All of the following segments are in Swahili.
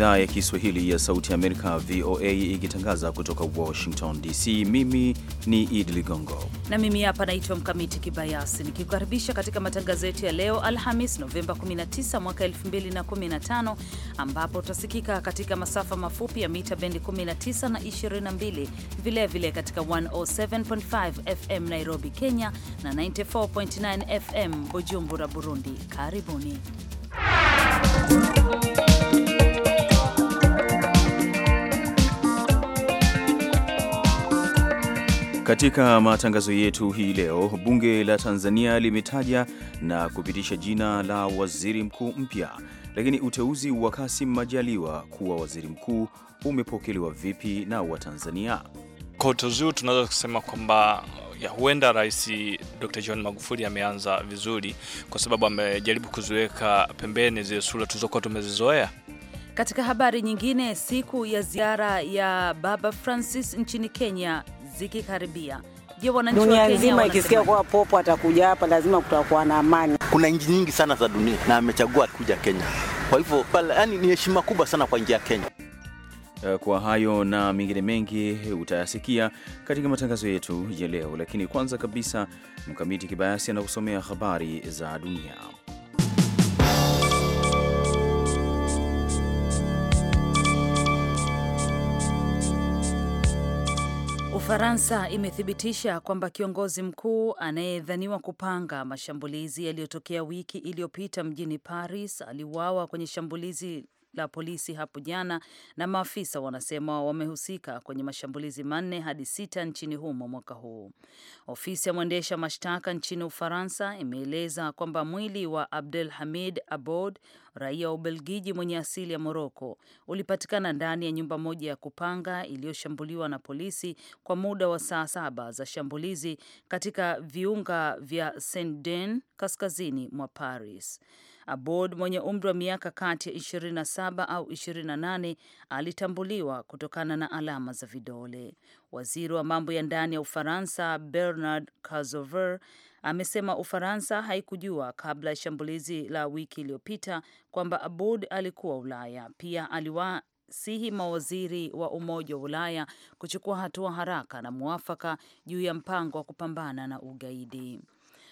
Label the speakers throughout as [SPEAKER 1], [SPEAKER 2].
[SPEAKER 1] idhaa ya Kiswahili ya Sauti ya Amerika, VOA, ikitangaza kutoka Washington DC. Mimi ni Idi Ligongo
[SPEAKER 2] na mimi hapa naitwa Mkamiti Kibayasi, nikikukaribisha katika matangazo yetu ya leo Alhamis Novemba 19 mwaka 2015, ambapo utasikika katika masafa mafupi ya mita bendi 19 na 22, vilevile vile katika 107.5 FM Nairobi, Kenya na 94.9 FM Bujumbura, Burundi. Karibuni.
[SPEAKER 1] Katika matangazo yetu hii leo, bunge la Tanzania limetaja na kupitisha jina la waziri mkuu mpya. Lakini uteuzi wa Kassim Majaliwa kuwa waziri mkuu umepokelewa vipi na
[SPEAKER 3] Watanzania? Kwa uteuzi huu tunaweza kusema kwamba ya huenda Rais Dr. John Magufuli ameanza vizuri, kwa sababu amejaribu kuziweka pembeni zile sura tulizokuwa tumezizoea.
[SPEAKER 2] Katika habari nyingine, siku ya ziara ya Baba Francis nchini Kenya zikikaribia. Je, wananchi dunia nzima ikisikia kuwa
[SPEAKER 4] popo atakuja hapa, lazima kutakuwa na amani. Kuna nchi nyingi sana za dunia na amechagua kuja Kenya, kwa hivyo yani ni heshima kubwa sana kwa nchi ya Kenya.
[SPEAKER 1] Eh, kwa hayo na mengine mengi utayasikia katika matangazo yetu ya leo, lakini kwanza kabisa Mkamiti Kibayasi anakusomea habari za dunia.
[SPEAKER 2] Ufaransa imethibitisha kwamba kiongozi mkuu anayedhaniwa kupanga mashambulizi yaliyotokea wiki iliyopita mjini Paris aliuawa kwenye shambulizi la polisi hapo jana, na maafisa wanasema wamehusika kwenye mashambulizi manne hadi sita nchini humo mwaka huu. Ofisi ya mwendesha mashtaka nchini Ufaransa imeeleza kwamba mwili wa Abdul Hamid Abod, raia wa Ubelgiji mwenye asili ya Moroko, ulipatikana ndani ya nyumba moja ya kupanga iliyoshambuliwa na polisi kwa muda wa saa saba za shambulizi katika viunga vya Saint-Denis kaskazini mwa Paris. Abod mwenye umri wa miaka kati ya 27 au 28 alitambuliwa kutokana na alama za vidole. Waziri wa mambo ya ndani ya Ufaransa Bernard Cazeneuve amesema Ufaransa haikujua kabla ya shambulizi la wiki iliyopita kwamba abud alikuwa Ulaya. Pia aliwa sihi mawaziri wa Umoja wa Ulaya kuchukua hatua haraka na mwafaka juu ya mpango wa kupambana na ugaidi.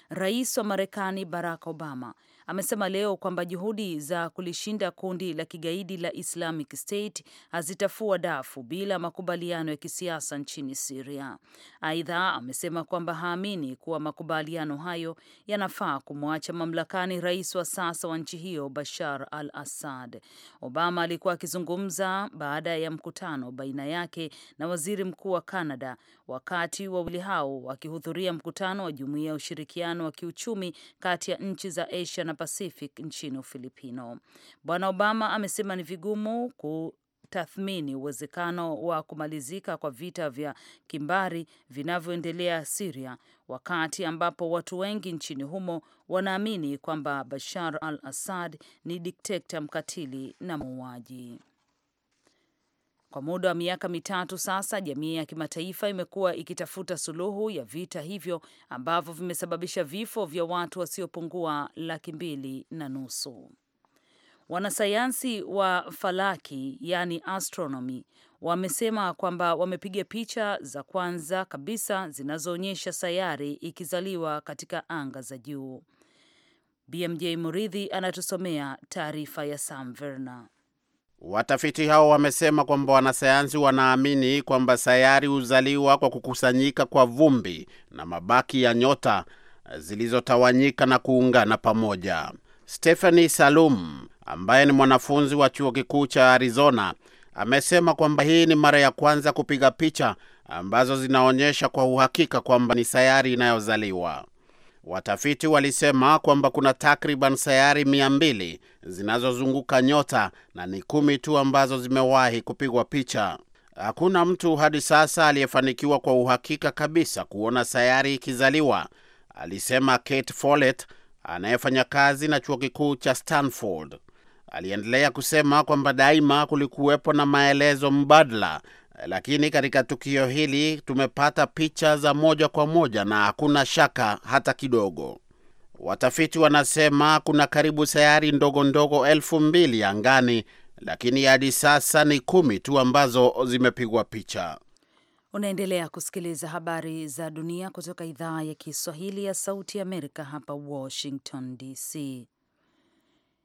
[SPEAKER 2] Rais wa Marekani Barack Obama amesema leo kwamba juhudi za kulishinda kundi la kigaidi la Islamic State hazitafua dafu bila makubaliano ya kisiasa nchini siria Aidha, amesema kwamba haamini kuwa makubaliano hayo yanafaa kumwacha mamlakani rais wa sasa wa nchi hiyo Bashar al-Assad. Obama alikuwa akizungumza baada ya mkutano baina yake na waziri mkuu wa Canada wakati wawili hao wakihudhuria mkutano wa Jumuiya ya Ushirikiano wa Kiuchumi kati ya nchi za Asia na Pacific nchini Ufilipino. Bwana Obama amesema ni vigumu ku tathmini uwezekano wa kumalizika kwa vita vya kimbari vinavyoendelea siria wakati ambapo watu wengi nchini humo wanaamini kwamba Bashar al-Assad ni dikteta mkatili na muuaji. Kwa muda wa miaka mitatu sasa, jamii ya kimataifa imekuwa ikitafuta suluhu ya vita hivyo ambavyo vimesababisha vifo vya watu wasiopungua laki mbili na nusu. Wanasayansi wa falaki yani astronomy wamesema kwamba wamepiga picha za kwanza kabisa zinazoonyesha sayari ikizaliwa katika anga za juu. BMJ Muridhi anatusomea taarifa ya Sam Verna.
[SPEAKER 4] Watafiti hao wamesema kwamba wanasayansi wanaamini kwamba sayari huzaliwa kwa kukusanyika kwa vumbi na mabaki ya nyota zilizotawanyika na kuungana pamoja. Stephanie Salum ambaye ni mwanafunzi wa chuo kikuu cha Arizona amesema kwamba hii ni mara ya kwanza kupiga picha ambazo zinaonyesha kwa uhakika kwamba ni sayari inayozaliwa. Watafiti walisema kwamba kuna takriban sayari mia mbili zinazozunguka nyota na ni kumi tu ambazo zimewahi kupigwa picha. Hakuna mtu hadi sasa aliyefanikiwa kwa uhakika kabisa kuona sayari ikizaliwa, alisema Kate Follett anayefanya kazi na chuo kikuu cha Stanford. Aliendelea kusema kwamba daima kulikuwepo na maelezo mbadala lakini katika tukio hili tumepata picha za moja kwa moja na hakuna shaka hata kidogo. Watafiti wanasema kuna karibu sayari ndogo ndogo elfu mbili angani, lakini hadi sasa ni kumi tu ambazo zimepigwa picha.
[SPEAKER 2] Unaendelea kusikiliza habari za dunia kutoka idhaa ya Kiswahili ya Sauti ya Amerika, hapa Washington DC.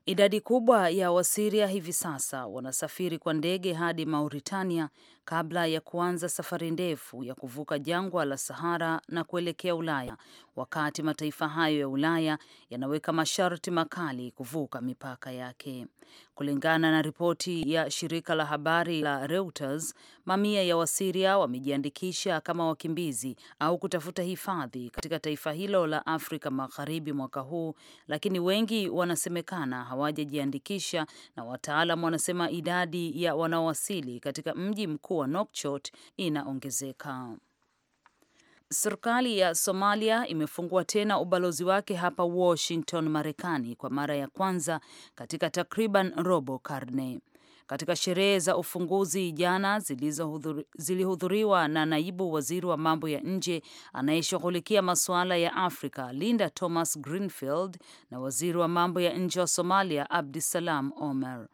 [SPEAKER 2] Idadi kubwa ya Wasiria hivi sasa wanasafiri kwa ndege hadi Mauritania kabla ya kuanza safari ndefu ya kuvuka jangwa la Sahara na kuelekea Ulaya, wakati mataifa hayo ya Ulaya yanaweka masharti makali kuvuka mipaka yake. Kulingana na ripoti ya shirika la habari la Reuters, mamia ya Wasiria wamejiandikisha kama wakimbizi au kutafuta hifadhi katika taifa hilo la Afrika Magharibi mwaka huu, lakini wengi wanasemekana hawajajiandikisha, na wataalam wanasema idadi ya wanaowasili katika mji mkuu mkuu wa nokchot inaongezeka. Serikali ya Somalia imefungua tena ubalozi wake hapa Washington, Marekani, kwa mara ya kwanza katika takriban robo karne. Katika sherehe za ufunguzi jana zilihudhuriwa na naibu waziri wa mambo ya nje anayeshughulikia masuala ya Afrika Linda Thomas Greenfield na waziri wa mambo ya nje wa Somalia Abdisalam Omar.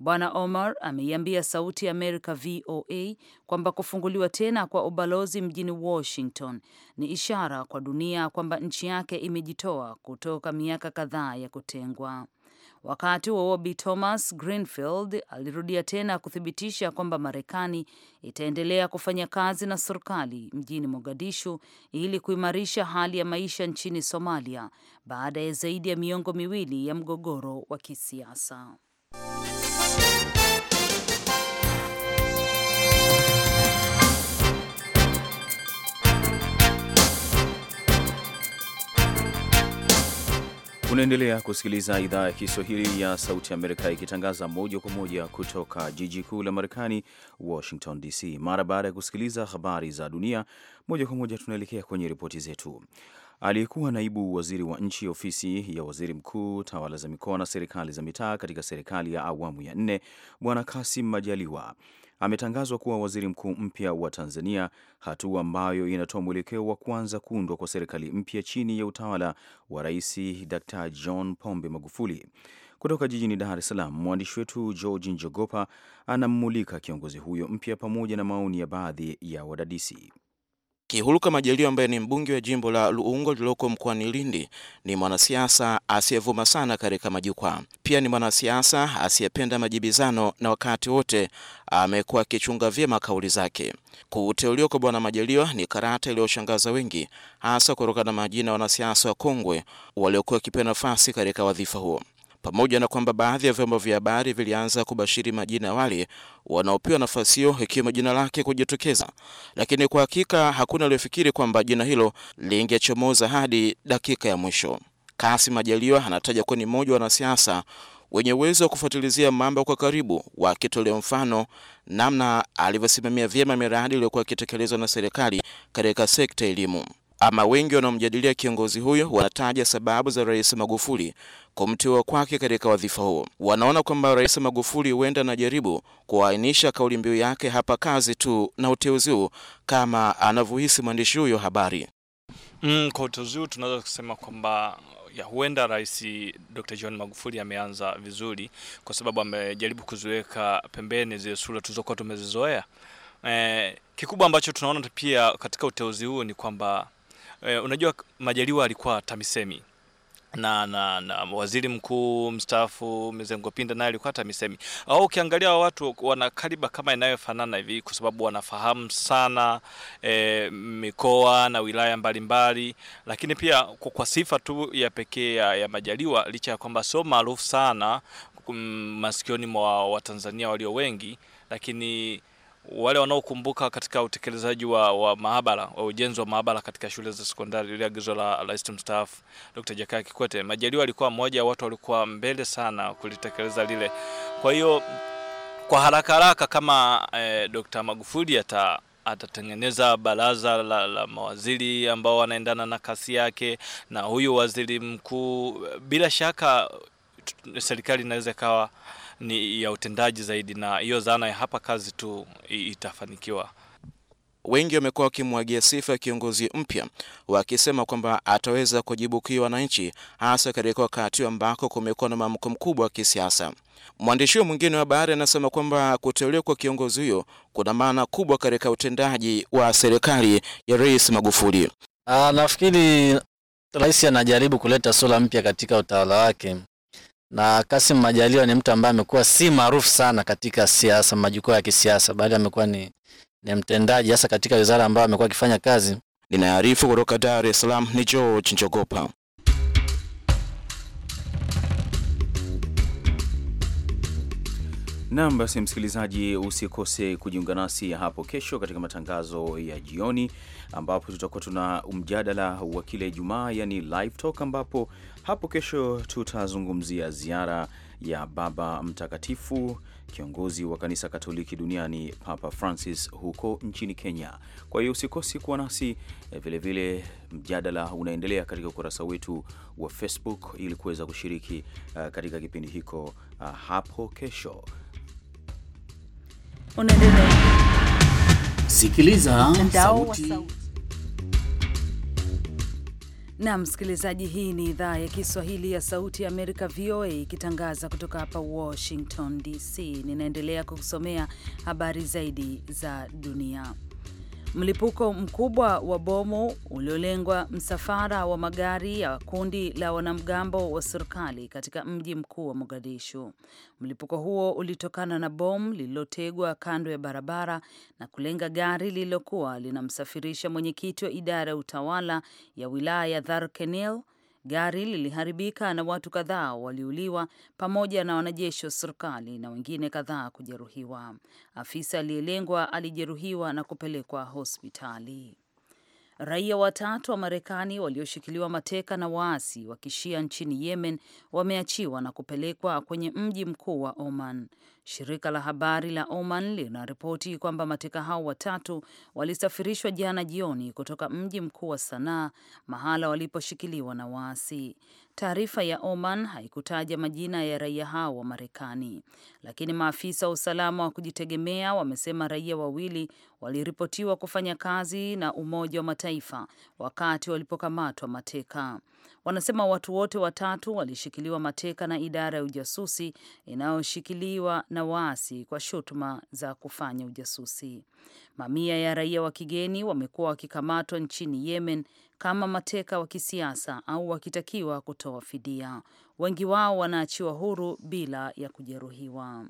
[SPEAKER 2] Bwana Omar ameiambia Sauti ya Amerika VOA kwamba kufunguliwa tena kwa ubalozi mjini Washington ni ishara kwa dunia kwamba nchi yake imejitoa kutoka miaka kadhaa ya kutengwa. Wakati huo Bi Thomas Greenfield alirudia tena kuthibitisha kwamba Marekani itaendelea kufanya kazi na serikali mjini Mogadishu ili kuimarisha hali ya maisha nchini Somalia baada ya zaidi ya miongo miwili ya mgogoro wa kisiasa.
[SPEAKER 1] Unaendelea kusikiliza idhaa ya Kiswahili ya Sauti Amerika ikitangaza moja kwa moja kutoka jiji kuu la Marekani, Washington DC. Mara baada ya kusikiliza habari za dunia moja kwa moja, tunaelekea kwenye ripoti zetu. Aliyekuwa naibu waziri wa nchi ofisi ya waziri mkuu, tawala za mikoa na serikali za mitaa katika serikali ya awamu ya nne, Bwana Kasim Majaliwa ametangazwa kuwa waziri mkuu mpya wa Tanzania, hatua ambayo inatoa mwelekeo wa kuanza kuundwa kwa serikali mpya chini ya utawala wa Rais Dr John Pombe Magufuli. Kutoka jijini Dar es Salaam, mwandishi wetu Georgi Njogopa anammulika kiongozi huyo mpya pamoja na maoni ya baadhi
[SPEAKER 5] ya wadadisi. Kihuluka Majaliwa ambaye ni mbunge wa jimbo la Luungo lililoko mkoani Lindi ni mwanasiasa asiyevuma sana katika majukwaa. Pia ni mwanasiasa asiyependa majibizano na wakati wote amekuwa akichunga vyema kauli zake. Kuteuliwa kwa Bwana Majaliwa ni karata iliyoshangaza wengi, hasa kutokana na majina ya wanasiasa wakongwe waliokuwa wakipewa nafasi katika wadhifa huo pamoja na kwamba baadhi ya vyombo vya habari vilianza kubashiri majina ya wale wanaopewa nafasi hiyo ikiwemo jina lake kujitokeza, lakini kwa hakika hakuna aliyofikiri kwamba jina hilo lingechomoza hadi dakika ya mwisho. Kassim Majaliwa anataja kuwa ni mmoja wa wanasiasa wenye uwezo wa kufuatilizia mambo kwa karibu, wakitolea mfano namna alivyosimamia vyema miradi iliyokuwa ikitekelezwa na serikali katika sekta elimu. Ama wengi wanaomjadilia kiongozi huyo wanataja sababu za Rais Magufuli kumteua kwake katika wadhifa huo. Wanaona kwamba Rais Magufuli huenda anajaribu kuainisha kauli mbiu yake hapa kazi tu na uteuzi huu, kama anavyohisi mwandishi huyo habari.
[SPEAKER 3] Mm, kwa uteuzi huu tunaweza kusema kwamba ya huenda Rais Dr. John Magufuli ameanza vizuri, kwa sababu amejaribu kuziweka pembeni zile sura tulizokuwa tumezizoea. Eh, kikubwa ambacho tunaona pia katika uteuzi huu ni kwamba eh, unajua Majaliwa alikuwa TAMISEMI na, na, na waziri mkuu mstaafu Mizengo Pinda naye alikuwa TAMISEMI. Au ukiangalia watu wana kariba kama inayofanana hivi, kwa sababu wanafahamu sana e, mikoa na wilaya mbalimbali mbali. Lakini pia kwa sifa tu ya pekee ya, ya Majaliwa licha ya kwamba sio maarufu sana mm, masikioni mwa Watanzania walio wengi, lakini wale wanaokumbuka katika utekelezaji wa, wa maabara wa ujenzi wa maabara katika shule za sekondari, ile agizo la rais mstaafu Dr. Jakaya Kikwete, Majaliwa alikuwa mmoja watu walikuwa mbele sana kulitekeleza lile. Kwa hiyo kwa haraka haraka kama eh, Dr. Magufuli ata atatengeneza baraza la, la mawaziri ambao wanaendana na kasi yake na huyu waziri mkuu, bila shaka serikali inaweza ikawa ni ya utendaji zaidi, na hiyo zana ya hapa kazi tu itafanikiwa.
[SPEAKER 5] Wengi wamekuwa wakimwagia sifa ya kiongozi mpya wakisema kwamba ataweza kujibukia wananchi, hasa katika wakati ambako kumekuwa na mwamko mkubwa wa kisiasa. Mwandishi mwingine wa habari anasema kwamba kuteuliwa kwa kiongozi huyo kuna maana kubwa katika utendaji wa serikali ya Rais Magufuli.
[SPEAKER 3] Ah, nafikiri rais anajaribu kuleta sura mpya katika utawala wake, na Kasim Majaliwa ni mtu ambaye amekuwa si maarufu sana katika siasa, majukwaa ya kisiasa, bali amekuwa ni, ni mtendaji hasa katika wizara ambayo amekuwa akifanya kazi.
[SPEAKER 5] Ninaarifu kutoka Dar es Salaam ni George Njogopa.
[SPEAKER 1] Nam, basi msikilizaji, usikose kujiunga nasi hapo kesho katika matangazo ya jioni, ambapo tutakuwa tuna mjadala wa kila Ijumaa, yani live talk, ambapo hapo kesho tutazungumzia ziara ya Baba Mtakatifu, kiongozi wa kanisa Katoliki duniani, Papa Francis huko nchini Kenya. Kwa hiyo usikosi kuwa nasi vilevile. Vile mjadala unaendelea katika ukurasa wetu wa Facebook ili kuweza kushiriki e, katika kipindi hiko e, hapo kesho unaendelea. Sikiliza sauti.
[SPEAKER 2] Na msikilizaji, hii ni idhaa ya Kiswahili ya Sauti ya Amerika, VOA, ikitangaza kutoka hapa Washington DC. Ninaendelea kukusomea habari zaidi za dunia. Mlipuko mkubwa wa bomu uliolengwa msafara wa magari ya kundi la wanamgambo wa serikali katika mji mkuu wa Mogadishu. Mlipuko huo ulitokana na bomu lililotegwa kando ya barabara na kulenga gari lililokuwa linamsafirisha mwenyekiti wa idara ya utawala ya wilaya ya Dharkeneil Gari liliharibika na watu kadhaa waliuliwa pamoja na wanajeshi wa serikali na wengine kadhaa kujeruhiwa. Afisa aliyelengwa alijeruhiwa na kupelekwa hospitali. Raia watatu wa Marekani walioshikiliwa mateka na waasi wa kishia nchini Yemen wameachiwa na kupelekwa kwenye mji mkuu wa Oman. Shirika la habari la Oman linaripoti kwamba mateka hao watatu walisafirishwa jana jioni kutoka mji mkuu wa Sanaa, mahala waliposhikiliwa na waasi. Taarifa ya Oman haikutaja majina ya raia hao wa Marekani, lakini maafisa wa usalama wa kujitegemea wamesema raia wawili waliripotiwa kufanya kazi na Umoja wa Mataifa wakati walipokamatwa mateka. Wanasema watu wote watatu walishikiliwa mateka na idara ya ujasusi inayoshikiliwa na na waasi kwa shutuma za kufanya ujasusi. Mamia ya raia wa kigeni wamekuwa wakikamatwa nchini Yemen kama mateka wa kisiasa au wakitakiwa kutoa fidia. Wengi wao wanaachiwa huru bila ya kujeruhiwa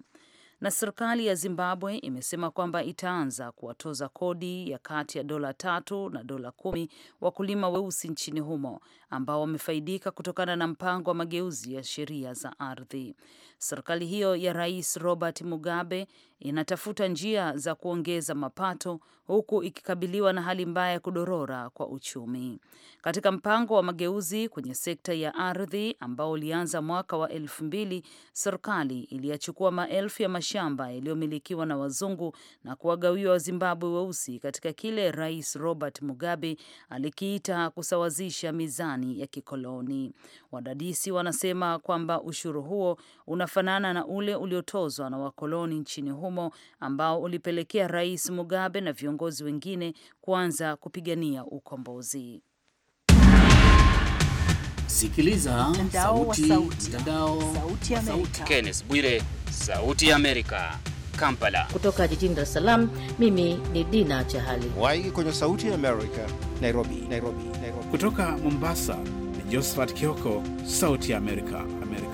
[SPEAKER 2] na serikali ya Zimbabwe imesema kwamba itaanza kuwatoza kodi ya kati ya dola tatu na dola kumi wakulima weusi nchini humo ambao wamefaidika kutokana na mpango wa mageuzi ya sheria za ardhi. Serikali hiyo ya Rais Robert Mugabe inatafuta njia za kuongeza mapato huku ikikabiliwa na hali mbaya ya kudorora kwa uchumi. Katika mpango wa mageuzi kwenye sekta ya ardhi ambao ulianza mwaka wa elfu mbili, serikali iliyachukua maelfu ya mashamba yaliyomilikiwa na wazungu na kuwagawiwa Wazimbabwe weusi katika kile Rais Robert Mugabe alikiita kusawazisha mizani ya kikoloni. Wadadisi wanasema kwamba ushuru huo unafanana na ule uliotozwa na wakoloni nchini humo ambao ulipelekea Rais Mugabe na viongozi wengine kuanza kupigania ukombozi.
[SPEAKER 6] Sikiliza
[SPEAKER 2] mtandao sauti, sauti.
[SPEAKER 7] Mtandao sauti ya Amerika.
[SPEAKER 6] Kenneth Bwire, sauti ya Amerika. Kampala.
[SPEAKER 7] Kutoka jijini Dar es Salaam, mimi ni Dina
[SPEAKER 5] Chahali. Waigi kwenye sauti ya Amerika, Nairobi, Nairobi, Nairobi. Kutoka Mombasa ni
[SPEAKER 6] Josephat Kioko, sauti ya Amerika, Amerika.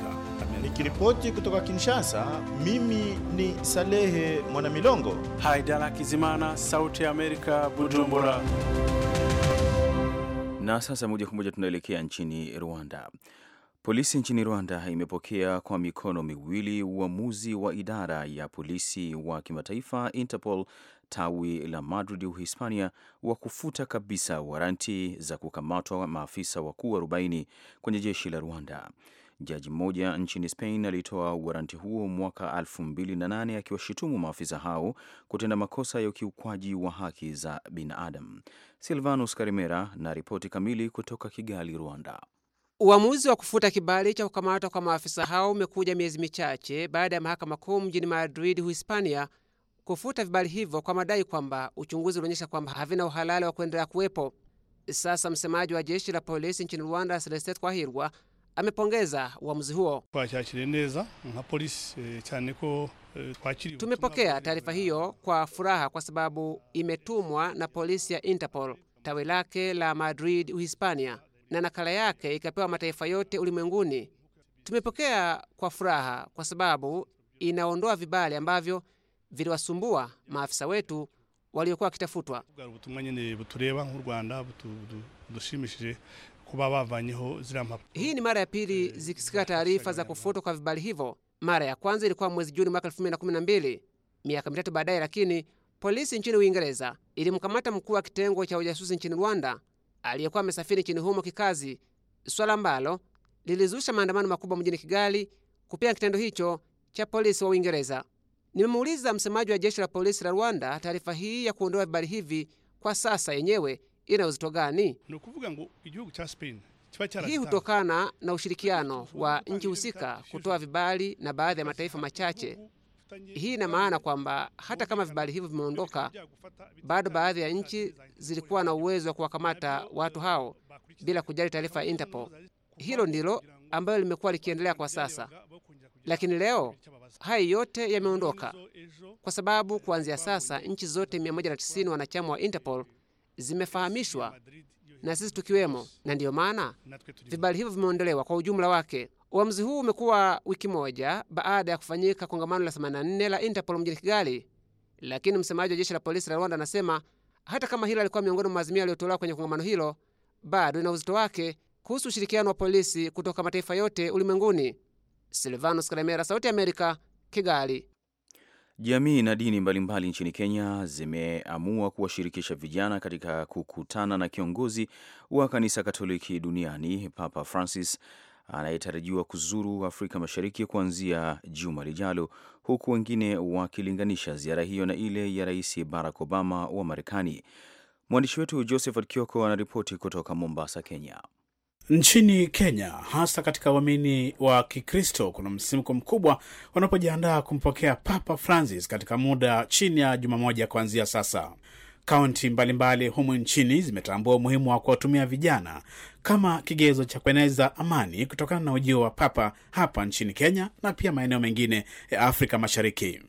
[SPEAKER 6] Nikiripoti kutoka Kinshasa, mimi ni Salehe Mwanamilongo. Haidala Kizimana, sauti ya Amerika, Bujumbura.
[SPEAKER 1] Na sasa moja kwa moja tunaelekea nchini Rwanda. Polisi nchini Rwanda imepokea kwa mikono miwili uamuzi wa idara ya polisi wa kimataifa Interpol tawi la Madrid, Uhispania, wa kufuta kabisa waranti za kukamatwa maafisa wakuu 40 kwenye jeshi la Rwanda. Jaji mmoja nchini Spain alitoa waranti huo mwaka 2008 akiwashutumu maafisa hao kutenda makosa ya ukiukwaji wa haki za binadamu. Silvanus Karimera na ripoti kamili kutoka Kigali, Rwanda.
[SPEAKER 8] Uamuzi wa kufuta kibali cha kukamatwa kwa maafisa hao umekuja miezi michache baada ya mahakama kuu mjini Madrid, Uhispania, kufuta vibali hivyo kwa madai kwamba uchunguzi ulionyesha kwamba havina uhalali wa kuendelea kuwepo. Sasa msemaji wa jeshi la polisi nchini Rwanda, Celestin Twahirwa, amepongeza uamuzi huo. E, e, Tumepokea taarifa hiyo kwa furaha kwa sababu imetumwa na polisi ya Interpol tawi lake la Madrid, Uhispania, na nakala yake ikapewa mataifa yote ulimwenguni. Tumepokea kwa furaha kwa sababu inaondoa vibali ambavyo viliwasumbua maafisa wetu waliokuwa wakitafutwa
[SPEAKER 6] kuba bavanyeho ziriya mpapuro.
[SPEAKER 8] Hii ni mara ya pili zikisikika taarifa za kufutwa kwa vibali hivyo. Mara ya kwanza ilikuwa mwezi Juni mwaka 2012 miaka mitatu baadaye, lakini polisi nchini Uingereza ilimkamata mkuu wa kitengo cha ujasusi nchini Rwanda aliyekuwa amesafiri nchini humo kikazi, swala ambalo lilizusha maandamano makubwa mjini Kigali kupinga kitendo hicho cha polisi wa Uingereza. Nimemuuliza msemaji wa jeshi la polisi la Rwanda taarifa hii ya kuondoa vibali hivi kwa sasa yenyewe ina uzito gani? Hii hutokana na ushirikiano wa nchi husika kutoa vibali na baadhi ya mataifa machache. Hii ina maana kwamba hata kama vibali hivyo vimeondoka, bado baadhi ya nchi zilikuwa na uwezo wa kuwakamata watu hao bila kujali taarifa ya Interpol. Hilo ndilo ambayo limekuwa likiendelea kwa sasa, lakini leo hayo yote yameondoka, kwa sababu kuanzia sasa nchi zote 190 wanachama wa Interpol zimefahamishwa na sisi tukiwemo, na ndiyo maana vibali hivyo vimeondolewa kwa ujumla wake. Uamuzi huu umekuwa wiki moja baada ya kufanyika kongamano la 84 la Interpol mjini Kigali, lakini msemaji wa jeshi la polisi la Rwanda anasema hata kama hilo alikuwa miongoni mwa maazimio yaliyotolewa kwenye kongamano hilo, bado ina uzito wake kuhusu ushirikiano wa polisi kutoka mataifa yote ulimwenguni. Silvanos Karemera, Sauti ya Amerika, Kigali.
[SPEAKER 1] Jamii na dini mbalimbali mbali nchini Kenya zimeamua kuwashirikisha vijana katika kukutana na kiongozi wa kanisa Katoliki duniani Papa Francis anayetarajiwa kuzuru Afrika Mashariki kuanzia juma lijalo, huku wengine wakilinganisha ziara hiyo na ile ya Rais Barack Obama wa Marekani. Mwandishi wetu Josephat Kioko anaripoti kutoka Mombasa, Kenya.
[SPEAKER 6] Nchini Kenya, hasa katika uamini wa Kikristo, kuna msimko mkubwa wanapojiandaa kumpokea Papa Francis katika muda chini ya juma moja kuanzia sasa. Kaunti mbalimbali humu nchini zimetambua umuhimu wa kuwatumia vijana kama kigezo cha kueneza amani kutokana na ujio wa Papa hapa nchini Kenya na pia maeneo mengine ya Afrika Mashariki.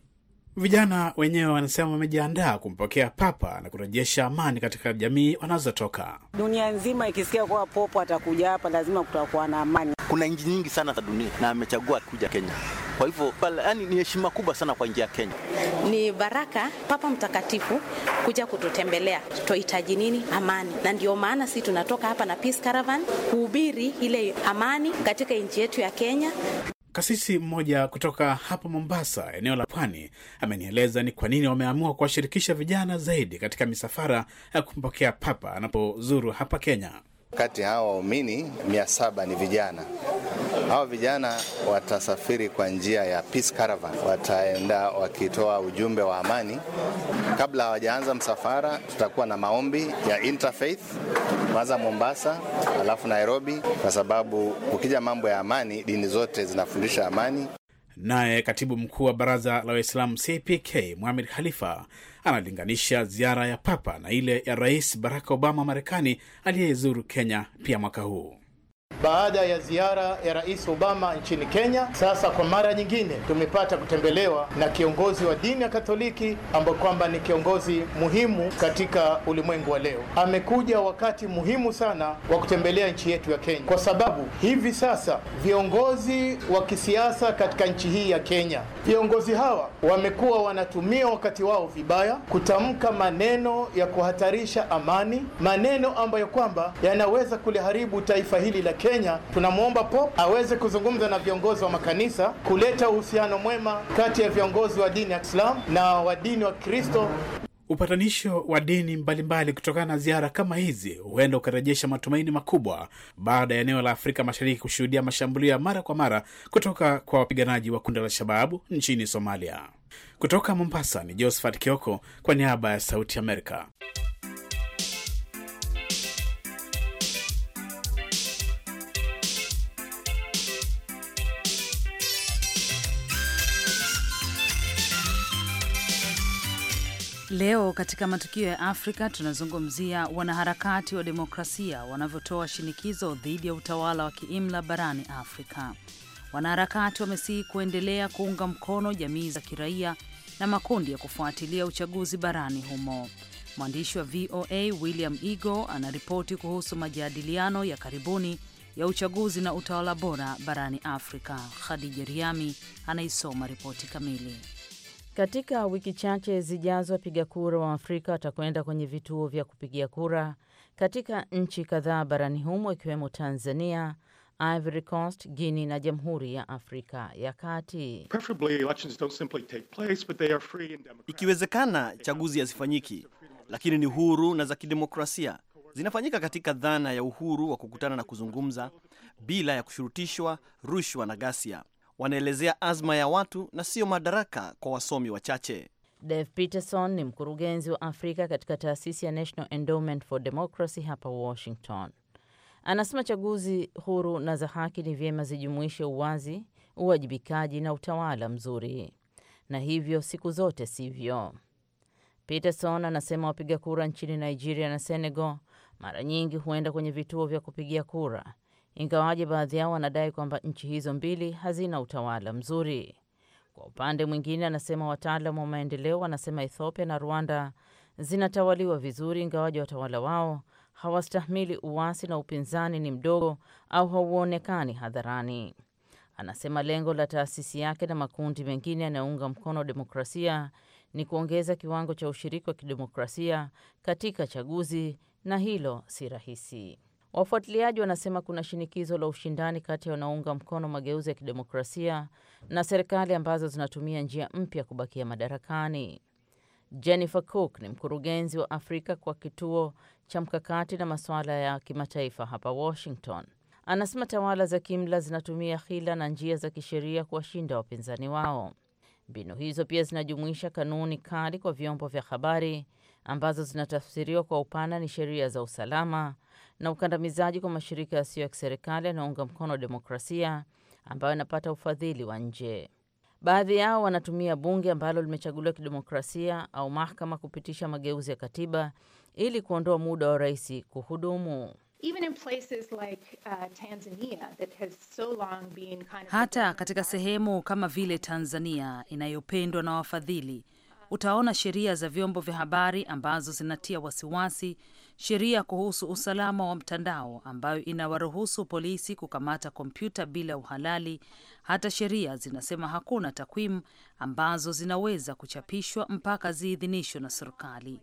[SPEAKER 6] Vijana wenyewe wanasema wamejiandaa kumpokea Papa na kurejesha amani katika jamii wanazotoka.
[SPEAKER 7] Dunia nzima ikisikia kuwa popo atakuja hapa, lazima
[SPEAKER 4] kutakuwa na amani. Kuna nji nyingi sana za dunia na amechagua kuja Kenya. Kwa hivyo yani, ni heshima kubwa sana kwa nchi ya Kenya.
[SPEAKER 7] Ni baraka Papa Mtakatifu kuja kututembelea. Twahitaji nini? Amani, na ndio maana si tunatoka hapa na Peace Caravan kuhubiri ile amani katika nchi yetu ya Kenya.
[SPEAKER 6] Kasisi mmoja kutoka hapa Mombasa, eneo la Pwani, amenieleza ni kwa nini wameamua kuwashirikisha vijana zaidi katika misafara ya kumpokea Papa anapozuru hapa Kenya.
[SPEAKER 4] Kati ya hawa waumini mia saba ni vijana. Hawa vijana watasafiri kwa njia ya Peace Caravan, wataenda wakitoa ujumbe wa amani. Kabla hawajaanza msafara, tutakuwa na maombi ya interfaith kwanza Mombasa, alafu Nairobi, kwa sababu ukija mambo ya amani, dini zote zinafundisha amani.
[SPEAKER 6] Naye katibu mkuu wa baraza la Waislamu CPK Muhamed Khalifa analinganisha ziara ya Papa na ile ya Rais Barack Obama wa Marekani aliyezuru Kenya pia mwaka huu. Baada ya ziara ya Rais Obama nchini Kenya, sasa kwa mara nyingine tumepata kutembelewa na kiongozi wa dini ya Katoliki ambayo kwamba ni kiongozi muhimu katika ulimwengu wa leo. Amekuja wakati muhimu sana wa kutembelea nchi yetu ya Kenya, kwa sababu hivi sasa viongozi wa kisiasa katika nchi hii ya Kenya, viongozi hawa wamekuwa wanatumia wakati wao vibaya kutamka maneno ya kuhatarisha amani, maneno ambayo kwamba yanaweza kuliharibu taifa hili la Kenya Kenya, tunamwomba Pop aweze kuzungumza na viongozi wa makanisa kuleta uhusiano mwema kati ya viongozi wa dini ya Islam na wa dini wa Kristo. Upatanisho wa dini mbalimbali kutokana na ziara kama hizi huenda ukarejesha matumaini makubwa baada ya eneo la Afrika Mashariki kushuhudia mashambulio ya mara kwa mara kutoka kwa wapiganaji wa kundi la Shababu nchini Somalia. Kutoka Mombasa ni Josephat Kioko kwa niaba ya Sauti Amerika.
[SPEAKER 2] Leo katika matukio ya Afrika tunazungumzia wanaharakati wa demokrasia wanavyotoa shinikizo dhidi ya utawala wa kiimla barani Afrika. Wanaharakati wamesihi kuendelea kuunga mkono jamii za kiraia na makundi ya kufuatilia uchaguzi barani humo. Mwandishi wa VOA William Igo anaripoti kuhusu majadiliano ya karibuni ya uchaguzi na utawala bora barani Afrika. Khadija Riami anaisoma ripoti
[SPEAKER 7] kamili. Katika wiki chache zijazo, wapiga kura wa Afrika watakwenda kwenye vituo vya kupigia kura katika nchi kadhaa barani humo ikiwemo Tanzania, Ivory Coast, Guini na Jamhuri ya Afrika ya Kati.
[SPEAKER 1] Ikiwezekana, chaguzi hazifanyiki, lakini ni huru na za kidemokrasia. Zinafanyika katika dhana ya uhuru wa kukutana na kuzungumza
[SPEAKER 5] bila ya kushurutishwa, rushwa na ghasia wanaelezea azma ya watu na siyo madaraka kwa wasomi wachache.
[SPEAKER 7] Dave Peterson ni mkurugenzi wa Afrika katika taasisi ya National Endowment for Democracy hapa Washington. Anasema chaguzi huru na za haki ni vyema zijumuishe uwazi, uwajibikaji na utawala mzuri, na hivyo siku zote sivyo. Peterson anasema wapiga kura nchini Nigeria na Senegal mara nyingi huenda kwenye vituo vya kupigia kura ingawaje baadhi yao wanadai kwamba nchi hizo mbili hazina utawala mzuri. Kwa upande mwingine, anasema wataalam wa maendeleo wanasema Ethiopia na Rwanda zinatawaliwa vizuri, ingawaje watawala wao hawastahimili uasi na upinzani ni mdogo au hauonekani hadharani. Anasema lengo la taasisi yake na makundi mengine yanayounga mkono demokrasia ni kuongeza kiwango cha ushiriki wa kidemokrasia katika chaguzi, na hilo si rahisi. Wafuatiliaji wanasema kuna shinikizo la ushindani kati ya wanaounga mkono mageuzi ya kidemokrasia na serikali ambazo zinatumia njia mpya kubakia madarakani. Jennifer Cook ni mkurugenzi wa Afrika kwa kituo cha mkakati na masuala ya kimataifa hapa Washington. Anasema tawala za kimla zinatumia hila na njia za kisheria kuwashinda wapinzani wao. Mbinu hizo pia zinajumuisha kanuni kali kwa vyombo vya habari ambazo zinatafsiriwa kwa upana ni sheria za usalama na ukandamizaji kwa mashirika yasiyo ya kiserikali yanayounga mkono demokrasia ambayo yanapata ufadhili wa nje. Baadhi yao wanatumia bunge ambalo limechaguliwa kidemokrasia au mahakama kupitisha mageuzi ya katiba ili kuondoa muda wa rais kuhudumu.
[SPEAKER 2] Hata katika sehemu kama vile Tanzania inayopendwa na wafadhili, utaona sheria za vyombo vya habari ambazo zinatia wasiwasi sheria kuhusu usalama wa mtandao ambayo inawaruhusu polisi kukamata kompyuta bila uhalali. Hata sheria zinasema hakuna takwimu ambazo zinaweza kuchapishwa mpaka ziidhinishwe na serikali.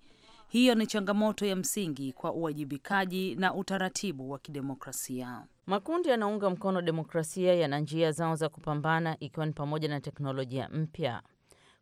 [SPEAKER 2] Hiyo ni changamoto ya msingi kwa uwajibikaji na utaratibu wa kidemokrasia.
[SPEAKER 7] Makundi yanaunga mkono demokrasia yana njia zao za kupambana, ikiwa ni pamoja na teknolojia mpya.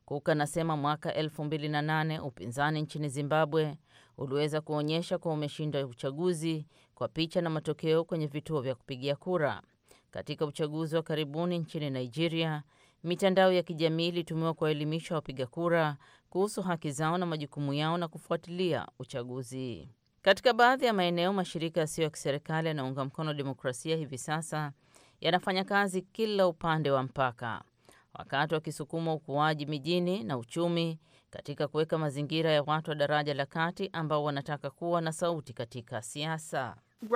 [SPEAKER 7] kuka anasema mwaka 2008 upinzani nchini Zimbabwe uliweza kuonyesha kuwa umeshinda uchaguzi kwa picha na matokeo kwenye vituo vya kupigia kura. Katika uchaguzi wa karibuni nchini Nigeria, mitandao ya kijamii ilitumiwa kuwaelimisha wapiga kura kuhusu haki zao na majukumu yao na kufuatilia uchaguzi. Katika baadhi ya maeneo, mashirika yasiyo ya kiserikali yanaunga mkono demokrasia hivi sasa yanafanya kazi kila upande wa mpaka, wakati wakisukuma ukuaji mijini na uchumi katika kuweka mazingira ya watu wa daraja la kati ambao wanataka kuwa na sauti katika siasa.
[SPEAKER 1] uh,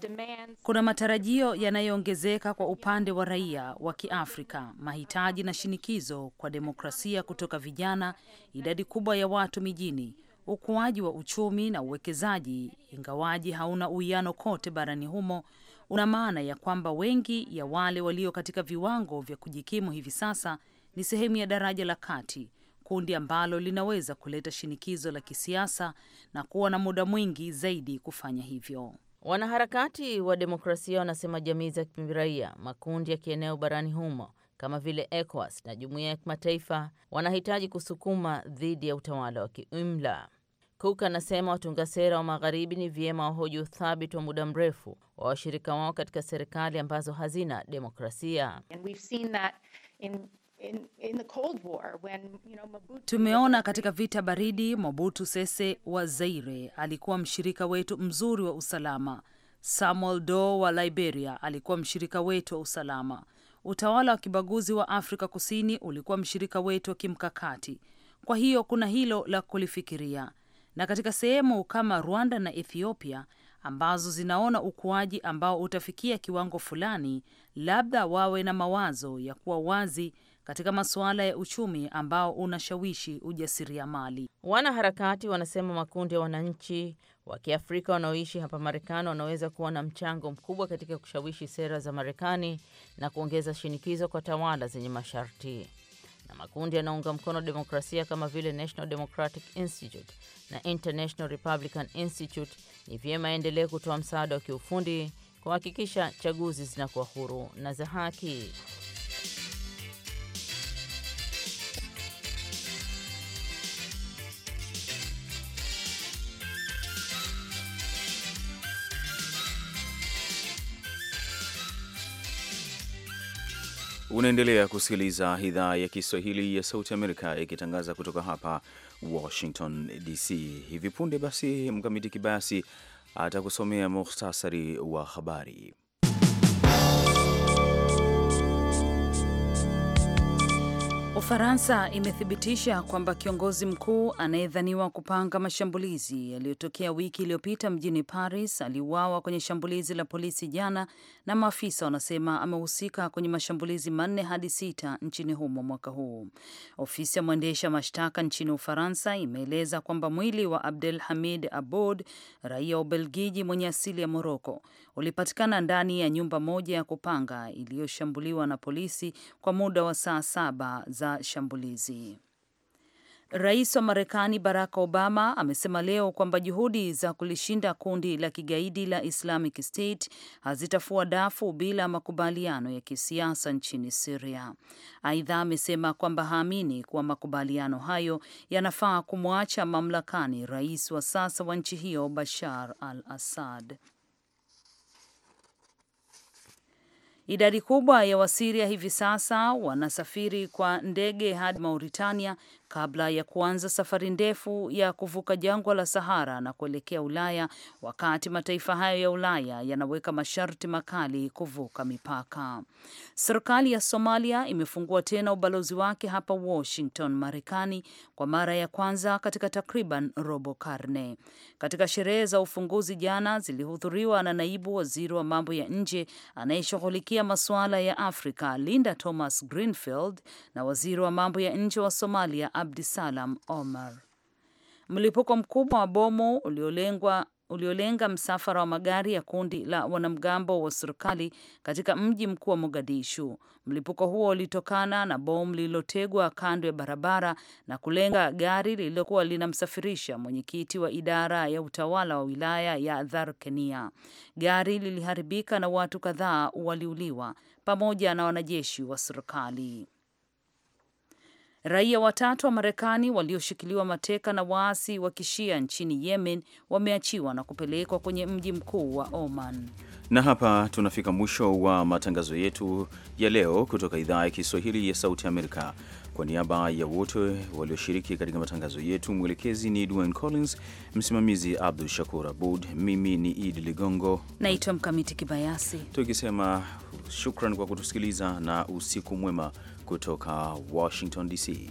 [SPEAKER 1] demands...
[SPEAKER 2] Kuna matarajio yanayoongezeka kwa upande wa raia wa Kiafrika, mahitaji na shinikizo kwa demokrasia kutoka vijana, idadi kubwa ya watu mijini, ukuaji wa uchumi na uwekezaji, ingawaji hauna uwiano kote barani humo una maana ya kwamba wengi ya wale walio katika viwango vya kujikimu hivi sasa ni sehemu ya daraja la kati, kundi ambalo linaweza kuleta shinikizo la kisiasa na kuwa na muda mwingi zaidi kufanya
[SPEAKER 7] hivyo. Wanaharakati wa demokrasia wanasema jamii za kiraia, makundi ya kieneo barani humo kama vile ECOWAS na jumuiya ya kimataifa wanahitaji kusukuma dhidi ya utawala wa kiimla. Cook anasema watunga sera wa magharibi ni vyema wahoji uthabiti wa muda mrefu wa washirika wao katika serikali ambazo hazina demokrasia. Tumeona
[SPEAKER 2] katika vita baridi Mobutu Sese wa Zaire alikuwa mshirika wetu mzuri wa usalama. Samuel Doe wa Liberia alikuwa mshirika wetu wa usalama. Utawala wa kibaguzi wa Afrika Kusini ulikuwa mshirika wetu wa kimkakati. Kwa hiyo kuna hilo la kulifikiria na katika sehemu kama Rwanda na Ethiopia ambazo zinaona ukuaji ambao utafikia kiwango fulani, labda wawe na mawazo ya kuwa wazi katika masuala ya uchumi ambao unashawishi
[SPEAKER 7] ujasiriamali. Wanaharakati wanasema makundi ya wananchi wa Kiafrika wanaoishi hapa Marekani wanaweza kuwa na mchango mkubwa katika kushawishi sera za Marekani na kuongeza shinikizo kwa tawala zenye masharti na makundi yanaunga mkono demokrasia kama vile National Democratic Institute na International Republican Institute, ni vyema yaendelee kutoa msaada wa kiufundi kuhakikisha chaguzi zinakuwa huru na za haki.
[SPEAKER 1] Unaendelea kusikiliza idhaa ya Kiswahili ya Sauti Amerika ikitangaza kutoka hapa Washington DC. Hivi punde basi, Mkamiti Kibayasi atakusomea muhtasari wa habari.
[SPEAKER 2] Ufaransa imethibitisha kwamba kiongozi mkuu anayedhaniwa kupanga mashambulizi yaliyotokea wiki iliyopita mjini Paris aliuawa kwenye shambulizi la polisi jana, na maafisa wanasema amehusika kwenye mashambulizi manne hadi sita nchini humo mwaka huu. Ofisi ya mwendesha mashtaka nchini Ufaransa imeeleza kwamba mwili wa Abdel Hamid abud raia wa Ubelgiji mwenye asili ya Moroko, ulipatikana ndani ya nyumba moja ya kupanga iliyoshambuliwa na polisi kwa muda wa saa saba za shambulizi. Rais wa Marekani Barack Obama amesema leo kwamba juhudi za kulishinda kundi la kigaidi la Islamic State hazitafua dafu bila makubaliano ya kisiasa nchini Siria. Aidha, amesema kwamba haamini kuwa makubaliano hayo yanafaa kumwacha mamlakani rais wa sasa wa nchi hiyo Bashar al Assad. Idadi kubwa ya Wasiria hivi sasa wanasafiri kwa ndege hadi Mauritania kabla ya kuanza safari ndefu ya kuvuka jangwa la Sahara na kuelekea Ulaya, wakati mataifa hayo ya Ulaya yanaweka masharti makali kuvuka mipaka. Serikali ya Somalia imefungua tena ubalozi wake hapa Washington, Marekani, kwa mara ya kwanza katika takriban robo karne. Katika sherehe za ufunguzi jana zilihudhuriwa na naibu waziri wa mambo ya nje anayeshughulikia masuala ya Afrika Linda Thomas Greenfield na waziri wa mambo ya nje wa Somalia Abdisalam Omar. Mlipuko mkubwa wa bomu uliolengwa uliolenga msafara wa magari ya kundi la wanamgambo wa serikali katika mji mkuu wa Mogadishu. Mlipuko huo ulitokana na bomu lililotegwa kando ya barabara na kulenga gari lililokuwa linamsafirisha mwenyekiti wa idara ya utawala wa wilaya ya Dharkenia. Gari liliharibika na watu kadhaa waliuliwa pamoja na wanajeshi wa serikali. Raia watatu wa Marekani walioshikiliwa mateka na waasi wa kishia nchini Yemen wameachiwa na kupelekwa kwenye mji mkuu wa Oman.
[SPEAKER 1] Na hapa tunafika mwisho wa matangazo yetu ya leo kutoka idhaa ya Kiswahili ya Sauti Amerika. Kwa niaba ya wote walioshiriki katika matangazo yetu, mwelekezi ni Dwayne Collins, msimamizi abdu Shakur Abud, mimi ni Idi Ligongo
[SPEAKER 2] naitwa Mkamiti Kibayasi,
[SPEAKER 1] tukisema shukran kwa kutusikiliza na usiku mwema kutoka Washington DC.